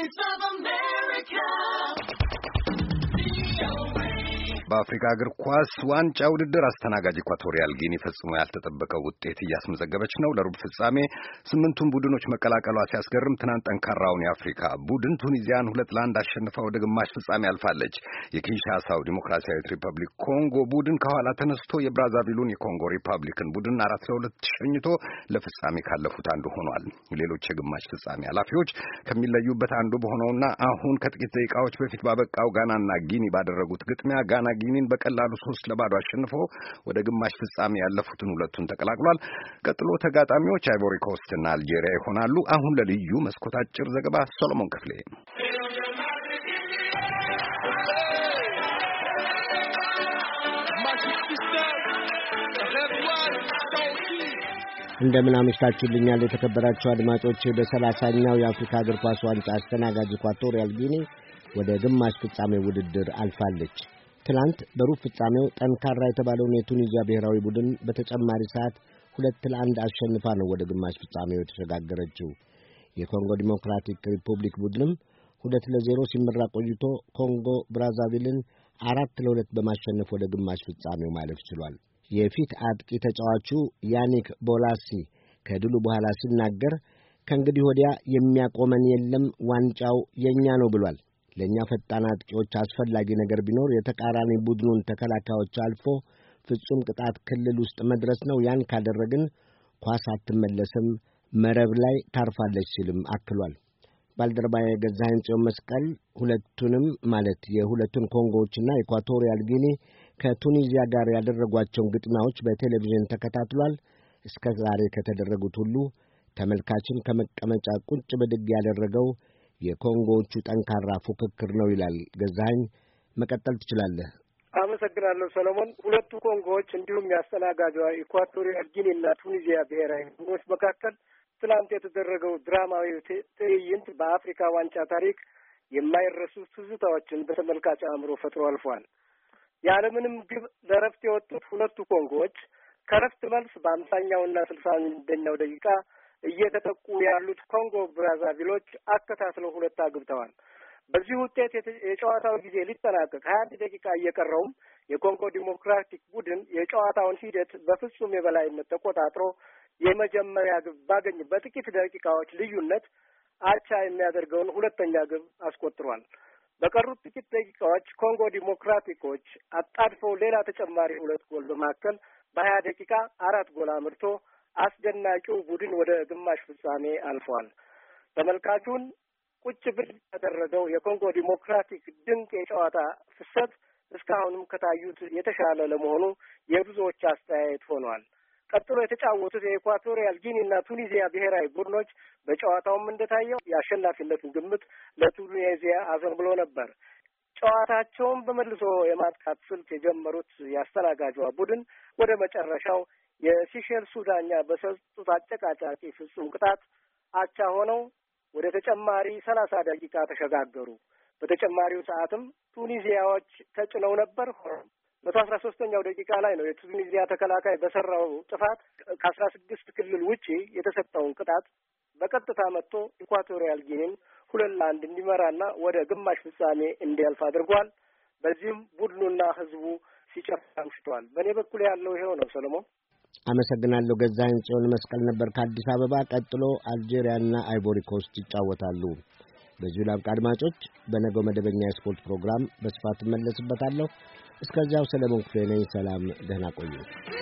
Voice of America. በአፍሪካ እግር ኳስ ዋንጫ ውድድር አስተናጋጅ ኢኳቶሪያል ጊኒ ፈጽሞ ያልተጠበቀ ውጤት እያስመዘገበች ነው። ለሩብ ፍጻሜ ስምንቱን ቡድኖች መቀላቀሏ ሲያስገርም፣ ትናንት ጠንካራውን የአፍሪካ ቡድን ቱኒዚያን ሁለት ለአንድ አሸንፋ ወደ ግማሽ ፍጻሜ አልፋለች። የኪንሻሳው ዲሞክራሲያዊት ሪፐብሊክ ኮንጎ ቡድን ከኋላ ተነስቶ የብራዛቪሉን የኮንጎ ሪፐብሊክን ቡድን አራት ለሁለት ሸኝቶ ለፍጻሜ ካለፉት አንዱ ሆኗል። ሌሎች የግማሽ ፍጻሜ ኃላፊዎች ከሚለዩበት አንዱ በሆነውና አሁን ከጥቂት ደቂቃዎች በፊት ባበቃው ጋናና ጊኒ ባደረጉት ግጥሚያ ጋና ጊኒን በቀላሉ ሶስት ለባዶ አሸንፎ ወደ ግማሽ ፍጻሜ ያለፉትን ሁለቱን ተቀላቅሏል። ቀጥሎ ተጋጣሚዎች አይቮሪ ኮስት እና አልጄሪያ ይሆናሉ። አሁን ለልዩ መስኮት አጭር ዘገባ ሶሎሞን ክፍሌ። እንደምን አመሽታችሁልኛል የተከበራችሁ አድማጮች። በሰላሳኛው የአፍሪካ እግር ኳስ ዋንጫ አስተናጋጅ ኢኳቶሪያል ጊኒ ወደ ግማሽ ፍጻሜ ውድድር አልፋለች። ትላንት በሩብ ፍጻሜው ጠንካራ የተባለውን የቱኒዚያ ብሔራዊ ቡድን በተጨማሪ ሰዓት ሁለት ለአንድ አሸንፋ ነው ወደ ግማሽ ፍጻሜው የተሸጋገረችው። የኮንጎ ዲሞክራቲክ ሪፑብሊክ ቡድንም ሁለት ለዜሮ ሲመራ ቆይቶ ኮንጎ ብራዛቪልን አራት ለሁለት በማሸነፍ ወደ ግማሽ ፍጻሜው ማለፍ ችሏል። የፊት አጥቂ ተጫዋቹ ያኒክ ቦላሲ ከድሉ በኋላ ሲናገር ከእንግዲህ ወዲያ የሚያቆመን የለም፣ ዋንጫው የእኛ ነው ብሏል። ለእኛ ፈጣን አጥቂዎች አስፈላጊ ነገር ቢኖር የተቃራኒ ቡድኑን ተከላካዮች አልፎ ፍጹም ቅጣት ክልል ውስጥ መድረስ ነው። ያን ካደረግን ኳስ አትመለስም፣ መረብ ላይ ታርፋለች ሲልም አክሏል። ባልደረባ የገዛኸኝ ጽዮን መስቀል ሁለቱንም ማለት የሁለቱን ኮንጎዎችና ኢኳቶሪያል ጊኒ ከቱኒዚያ ጋር ያደረጓቸውን ግጥሚያዎች በቴሌቪዥን ተከታትሏል። እስከ ዛሬ ከተደረጉት ሁሉ ተመልካችን ከመቀመጫ ቁጭ ብድግ ያደረገው የኮንጎዎቹ ጠንካራ ፉክክር ነው ይላል ገዛኸኝ። መቀጠል ትችላለህ። አመሰግናለሁ ሰለሞን። ሁለቱ ኮንጎዎች እንዲሁም የአስተናጋጇ ኢኳቶሪያል ጊኒ እና ቱኒዚያ ብሔራዊ ቡድኖች መካከል ትላንት የተደረገው ድራማዊ ትዕይንት በአፍሪካ ዋንጫ ታሪክ የማይረሱ ትዝታዎችን በተመልካች አእምሮ ፈጥሮ አልፏል። ያለምንም ግብ ለረፍት የወጡት ሁለቱ ኮንጎዎች ከረፍት መልስ በአምሳኛውና ስልሳ አንደኛው ደቂቃ እየተጠቁ ያሉት ኮንጎ ብራዛቪሎች አከታትለው ሁለት አግብተዋል። በዚህ ውጤት የጨዋታው ጊዜ ሊጠናቀቅ ሀያ አንድ ደቂቃ እየቀረውም የኮንጎ ዲሞክራቲክ ቡድን የጨዋታውን ሂደት በፍጹም የበላይነት ተቆጣጥሮ የመጀመሪያ ግብ ባገኝ በጥቂት ደቂቃዎች ልዩነት አቻ የሚያደርገውን ሁለተኛ ግብ አስቆጥሯል። በቀሩት ጥቂት ደቂቃዎች ኮንጎ ዲሞክራቲኮች አጣድፈው ሌላ ተጨማሪ ሁለት ጎል በማከል በሀያ ደቂቃ አራት ጎል አምርቶ አስደናቂው ቡድን ወደ ግማሽ ፍጻሜ አልፏል። ተመልካቹን ቁጭ ብድ ያደረገው የኮንጎ ዲሞክራቲክ ድንቅ የጨዋታ ፍሰት እስካሁንም ከታዩት የተሻለ ለመሆኑ የብዙዎች አስተያየት ሆኗል። ቀጥሎ የተጫወቱት የኢኳቶሪያል ጊኒ እና ቱኒዚያ ብሔራዊ ቡድኖች በጨዋታውም እንደታየው የአሸናፊነትን ግምት ለቱኒዚያ አዘንብሎ ነበር። ጨዋታቸውን በመልሶ የማጥቃት ስልት የጀመሩት የአስተናጋጇ ቡድን ወደ መጨረሻው የሲሼልሱ ዳኛ በሰጡት አጨቃጫቂ ፍጹም ቅጣት አቻ ሆነው ወደ ተጨማሪ ሰላሳ ደቂቃ ተሸጋገሩ። በተጨማሪው ሰዓትም ቱኒዚያዎች ተጭነው ነበር። መቶ አስራ ሶስተኛው ደቂቃ ላይ ነው የቱኒዚያ ተከላካይ በሰራው ጥፋት ከአስራ ስድስት ክልል ውጪ የተሰጠውን ቅጣት በቀጥታ መጥቶ ኢኳቶሪያል ጊኒን ሁለት ለአንድ እንዲመራና ወደ ግማሽ ፍጻሜ እንዲያልፍ አድርጓል። በዚህም ቡድኑና ህዝቡ ሲጨፍር አምሽተዋል። በእኔ በኩል ያለው ይኸው ነው። ሰለሞን አመሰግናለሁ። ገዛኸኝ ጽዮን መስቀል ነበር ከአዲስ አበባ። ቀጥሎ አልጄሪያና አይቮሪ ኮስት ይጫወታሉ። በዚሁ ላብቃ አድማጮች። በነገው መደበኛ የስፖርት ፕሮግራም በስፋት እመለስበታለሁ። እስከዚያው ሰለሞን ክፍሌ ነኝ። ሰላም፣ ደህና ቆዩ።